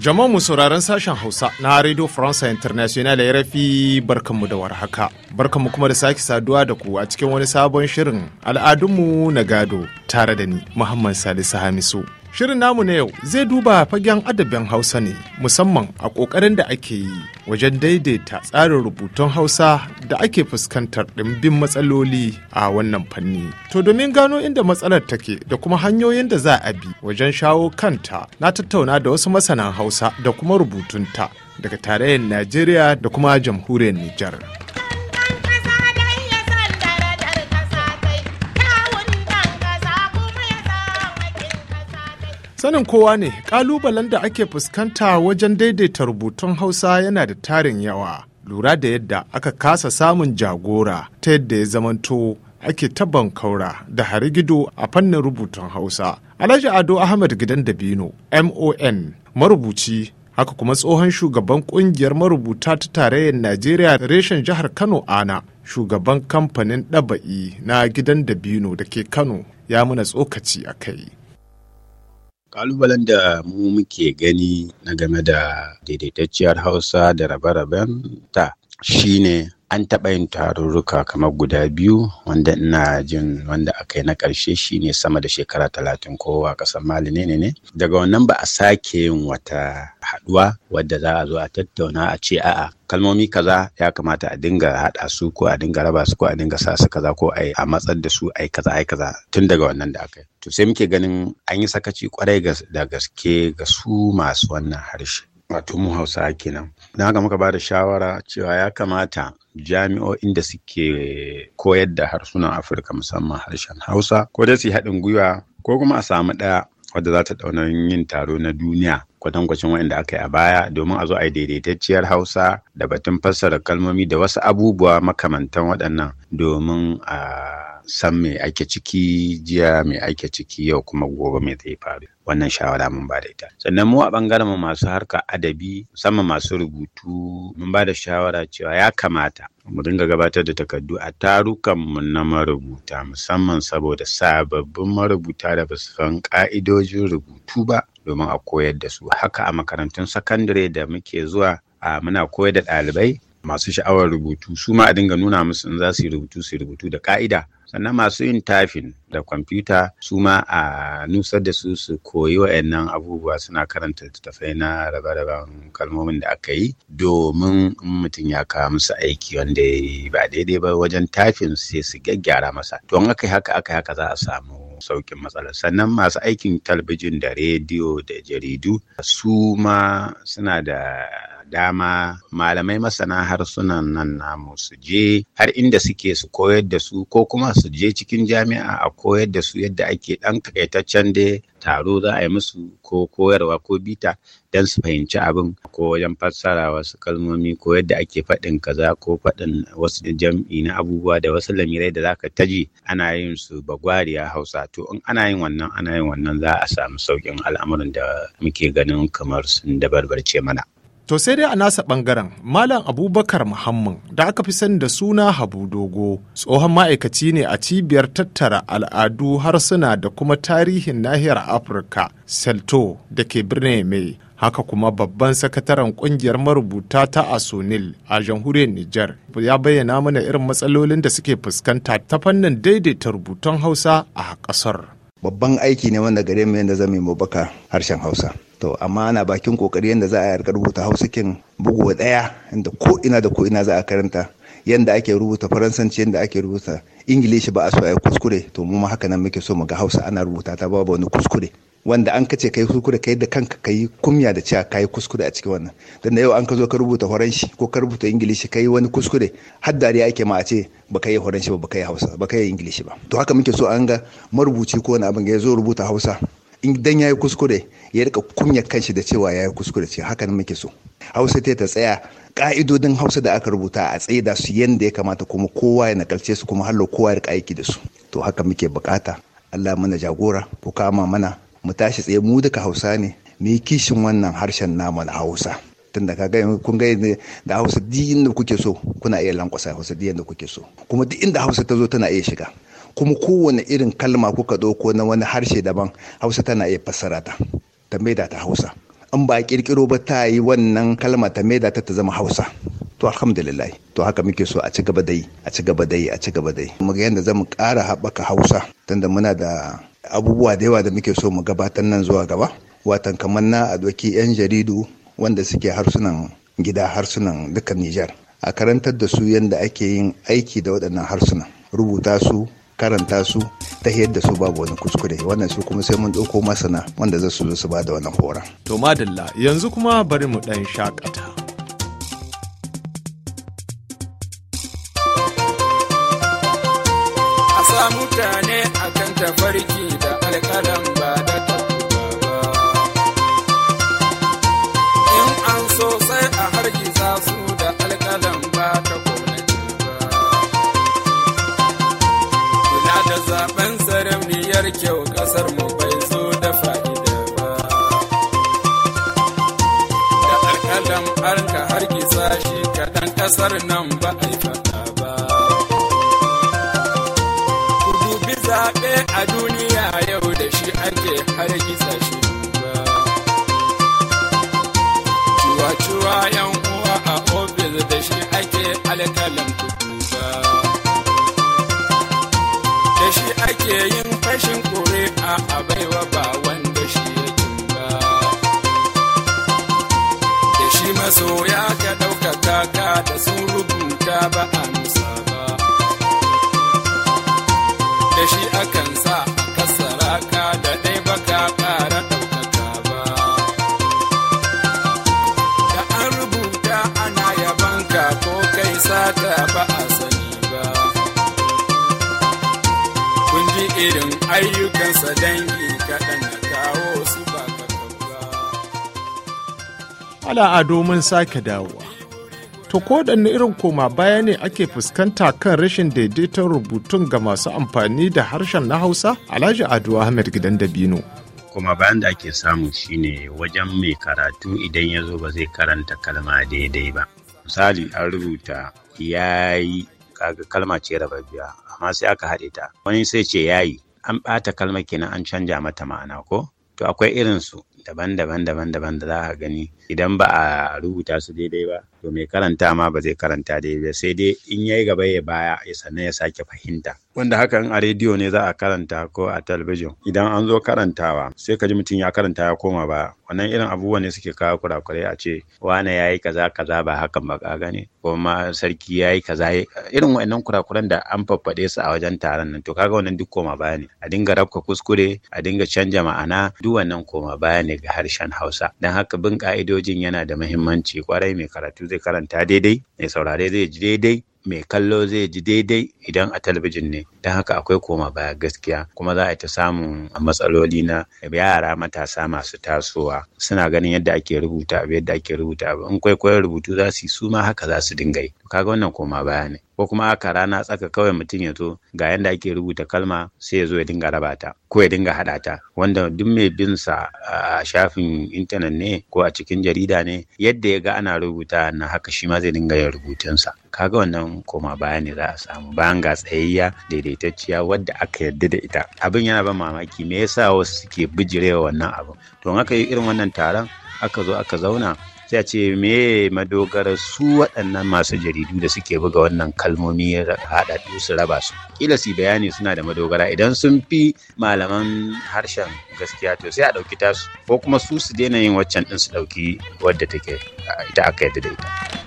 Jama'a mu sauraron sashen Hausa na Radio France International ya rafi barkanmu da warhaka. Barkanmu kuma da sake saduwa da ku a cikin wani sabon shirin al'adun mu na gado tare da ni Muhammad Salisu Hamisu. Shirin namu na yau zai duba fagen adabin Hausa ne musamman a ƙoƙarin da ake yi wajen daidaita tsarin rubutun Hausa da ake fuskantar ɗimbin matsaloli a wannan fanni. To domin gano inda matsalar take da kuma hanyoyin da za a bi wajen shawo kanta na tattauna da wasu masanan Hausa da kuma rubutunta daga tarayyar Najeriya da kuma jamhuriyar Nijar. Sanin kowa ne, ƙalubalen da ake fuskanta wajen daidaita rubutun Hausa yana da tarin yawa, lura da yadda aka kasa samun jagora ta yadda ya zamanto ake taban kaura da harigido a fannin rubutun Hausa. Alhaji Ado Ahmad Gidan Dabino, MON, marubuci haka kuma tsohon shugaban kungiyar marubuta ta tarayyar najeriya reshen jihar kano ana shugaban kamfanin ɗaba'i na gidan dabino da ke kano ya muna tsokaci a kai Ƙalubalen da mu muke gani na game da daidaitacciyar Hausa da rabe-raben ta shine an taɓa yin tarurruka kamar guda biyu wanda ina jin wanda aka yi na ƙarshe shi ne sama da shekara talatin ko a ƙasar mali ne ne daga wannan ba a sake yin wata haɗuwa wadda za a zo a tattauna a ce a'a kalmomi kaza ya kamata a dinga haɗa su ko a dinga raba su ko a dinga sa su kaza ko a matsar da su a kaza a kaza tun daga wannan da aka yi to sai muke ganin an yi sakaci kwarai da gaske ga su masu wannan harshe wato mu hausa kenan na haka muka ba da shawara cewa ya kamata jami'o'in da suke koyar da harsunan afirka musamman harshen hausa ko dai su haɗin gwiwa ko kuma a samu ɗaya wadda za ta ɗaunar yin taro na duniya kwatankwacin waɗanda aka yi a baya domin a zo a yi daidaitacciyar hausa da batun fassara kalmomi da wasu abubuwa makamantan waɗannan domin a san me ake ciki jiya me ake ciki yau kuma gobe me zai faru wannan shawara mun ba da ita sannan mu a bangaren mu masu harka adabi musamman masu rubutu mun ba da shawara cewa ya kamata mu dinga gabatar da takardu a tarukan mu na marubuta musamman saboda sababbin marubuta da ba su san ka'idojin rubutu ba domin a koyar da su haka a makarantun sakandare da muke zuwa a muna koyar da ɗalibai masu sha'awar rubutu su ma a dinga nuna musu in za su yi rubutu su rubutu da ka'ida sannan masu yin tafin da kwamfuta su ma a nusar da su su koyi wa'annan abubuwa suna karanta littattafai na rabe-raben kalmomin da aka yi domin mutum ya kawo musu aiki wanda ba daidai ba wajen tafin sai su gyaggyara masa to in aka yi haka aka yi haka za a samu saukin matsalar sannan masu aikin talabijin da rediyo da jaridu su ma suna da dama malamai masana harsunan nan namu su je har inda suke su koyar da su ko kuma su je cikin jami'a a koyar da su yadda ake ɗan kaitaccen da taro za a yi musu ko koyarwa ko bita don su fahimci abin ko wajen fassara wasu kalmomi ko yadda ake faɗin kaza ko faɗin wasu jam'i na abubuwa da wasu lamirai da zaka taji ana yin su bagwariya hausa to in ana yin wannan ana yin wannan za a samu sauƙin al'amuran da muke ganin kamar sun dabarbarce mana. To sai dai a nasa bangaren Malam Abubakar Muhammad da aka fi sani da suna Habu Dogo tsohon ma'aikaci ne a cibiyar tattara al'adu harsuna da kuma tarihin nahiyar Afirka Selto da ke birnin mai haka kuma babban sakataren kungiyar marubuta ta asunil a jamhuriyar Nijar ya bayyana mana irin matsalolin da suke fuskanta ta fannin daidaita rubutun Hausa a ƙasar. Babban aiki ne wanda gare mu yadda zama harshen Hausa. to amma ana bakin kokari yadda za a yarka rubuta kin bugu daya inda ko ina da ko ina za a karanta yadda ake rubuta faransanci yadda ake rubuta ingilishi ba a so a yi kuskure to mu ma haka nan muke so mu ga hausa ana rubuta ta babu wani kuskure wanda an kace kai kuskure kai da kanka kai kumya da cewa kai kuskure a cikin wannan dan da yau an ka zo ka rubuta horanshi ko ka rubuta ingilishi kai wani kuskure har dariya ake ma a ce ba yi horanshi ba baka yi hausa ba yi ingilishi ba to haka muke so an ga marubuci ko wani abin ya zo rubuta hausa idan ya yi kuskure ya rika kunya kanshi da cewa ya yi kuskure ce haka muke so hausa ta ta tsaya ka'idodin hausa da aka rubuta a tsaye da su yadda ya kamata kuma kowa ya nakalce su kuma hallo kowa ya rika aiki da su to haka muke bukata allah mana jagora ku kama mana mu tashi tsaye mu duka hausa ne mu kishin wannan harshen namu na hausa tun da kaga kun ga da hausa duk inda kuke so kuna iya lankwasa hausa duk inda kuke so kuma duk inda hausa ta zo tana iya shiga kuma kowane irin kalma kuka ɗauko na wani harshe daban hausa tana iya fassara ta ta maida ta hausa in ba kirkiro ba ta yi wannan kalma ta maida ta ta zama hausa to alhamdulillah to haka muke so a ci gaba dai a ci gaba dai a ci gaba dai mu ga yanda zamu ƙara haɓaka hausa tunda muna da abubuwa da yawa da muke so mu gabatar nan zuwa gaba watan kamar na a doki yan jaridu wanda suke harsunan gida harsunan dukkan Nijar a karantar da su yadda ake yin aiki da waɗannan harsunan rubuta su karanta su ta yadda su babu wani kuskure wannan su kuma sai mun ɗauko masana wanda za su zo su bada wannan horon. To madalla yanzu kuma bari mu ɗan shakata. A sa mutane akan tafarki da alƙalam matukar kyau kasar mu bai zo da fa'ida ba da alƙalam arka har kisa shi kaɗan kasar nan ba a yi faɗa ba ku dubi zaɓe a duniya yau da shi ake har shi ba cuwa-cuwa yan uwa a ofis da shi ake alƙalam kuɗi ba da shi ake yin rashin kore a abaiwa ba wanda shi ya ba. Da shi masoya ka ɗaukaka ka da sun rubuta ba a irin ayyukansa dangi kaɗan na kawo su ba Ala ado mun sake dawowa. To kodanne irin koma baya ne ake fuskanta kan rashin daidaiton rubutun ga masu amfani da harshen na Hausa Alhaji Ado Ahmed Gidan Dabino. Kuma bayan da ake samu shine wajen mai karatu idan ya zo ba zai karanta kalma daidai ba. Misali an rubuta yayi kaga kalma ce rababbiya amma sai aka haɗe ta wani sai ce yayi an ɓata kalmar kenan an canja mata ma'ana ko to akwai irin su daban-daban daban-daban da za a gani idan ba a rubuta su daidai ba to mai karanta ma ba zai karanta dai ba sai dai in yayi gaba ya baya ya sannan ya sake fahimta wanda hakan a rediyo ne za a karanta ko a talabijin idan an zo karantawa sai ka ji mutum ya karanta ya koma ba wannan irin abubuwan ne suke kawo kurakurai a ce wane yayi kaza kaza ba hakan ba ka gane ko ma sarki yayi kaza irin wa'annan kurakuran da an faffaɗe su a wajen taron nan to kaga wannan duk koma baya ne a dinga rabka kuskure a dinga canja ma'ana duk wannan koma baya ne ga harshen Hausa dan haka bin ka'idojin yana da muhimmanci kwarai mai karatu zai karanta daidai mai saurare zai ji daidai mai kallo zai ji daidai idan a talabijin ne don haka akwai koma baya gaskiya kuma za a ta samun matsaloli na yara matasa masu tasowa suna ganin yadda ake rubuta abu yadda ake rubuta abu in kwaikwayon rubutu za su yi su ma haka za su dinga yi kaga wannan koma baya ne ko kuma haka rana tsaka kawai mutum ya zo ga yanda ake rubuta kalma sai ya zo ya dinga raba ta ko ya dinga haɗa ta wanda duk mai bin sa a shafin intanet ne ko a cikin jarida ne yadda ya ga ana rubuta na haka shi ma zai dinga yin sa kaga wannan koma baya ne za a samu bayan ga tsayayya daidaitacciya wadda aka yarda da ita abin yana ban mamaki me yasa wasu suke bijirewa wannan abin to in aka yi irin wannan taron aka zo aka zauna sai a ce me madogara su waɗannan masu jaridu da suke buga wannan kalmomi haɗa su raba su kila su bayani suna da madogara idan sun fi malaman harshen gaskiya to sai a ɗauki tasu ko kuma su su daina yin waccan ɗin su ɗauki wadda take ita aka yadda da ita.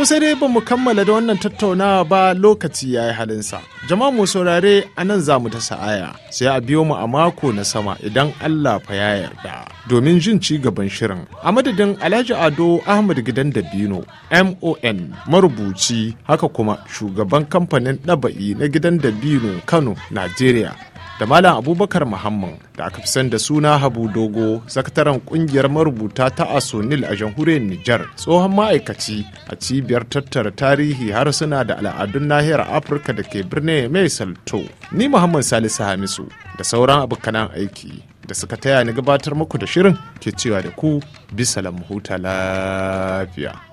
So sai dai ba mu kammala da wannan tattaunawa ba lokaci ya yi halinsa. Jama'a mu saurare a nan za mu ta sa'aya sai a biyo mu a mako na sama idan Allah fa ya yarda. Domin jin ci gaban shirin a madadin Alhaji Ado Ahmad Gidan Dabino MON marubuci haka kuma shugaban kamfanin ɗaba'i na Gidan Dabino Kano, Najeriya. da Malam Abubakar Muhammad da aka fi san da suna Habu Dogo, sakataren kungiyar marubuta ta Asonil a jamhuriyar Nijar, tsohon ma'aikaci a cibiyar tattara tarihi har suna da al'adun nahiyar Afirka da ke birnin mai salto. Ni Muhammad Salisu Hamisu da sauran abokanan aiki da suka taya ni gabatar muku da shirin ke cewa da ku bisa huta lafiya.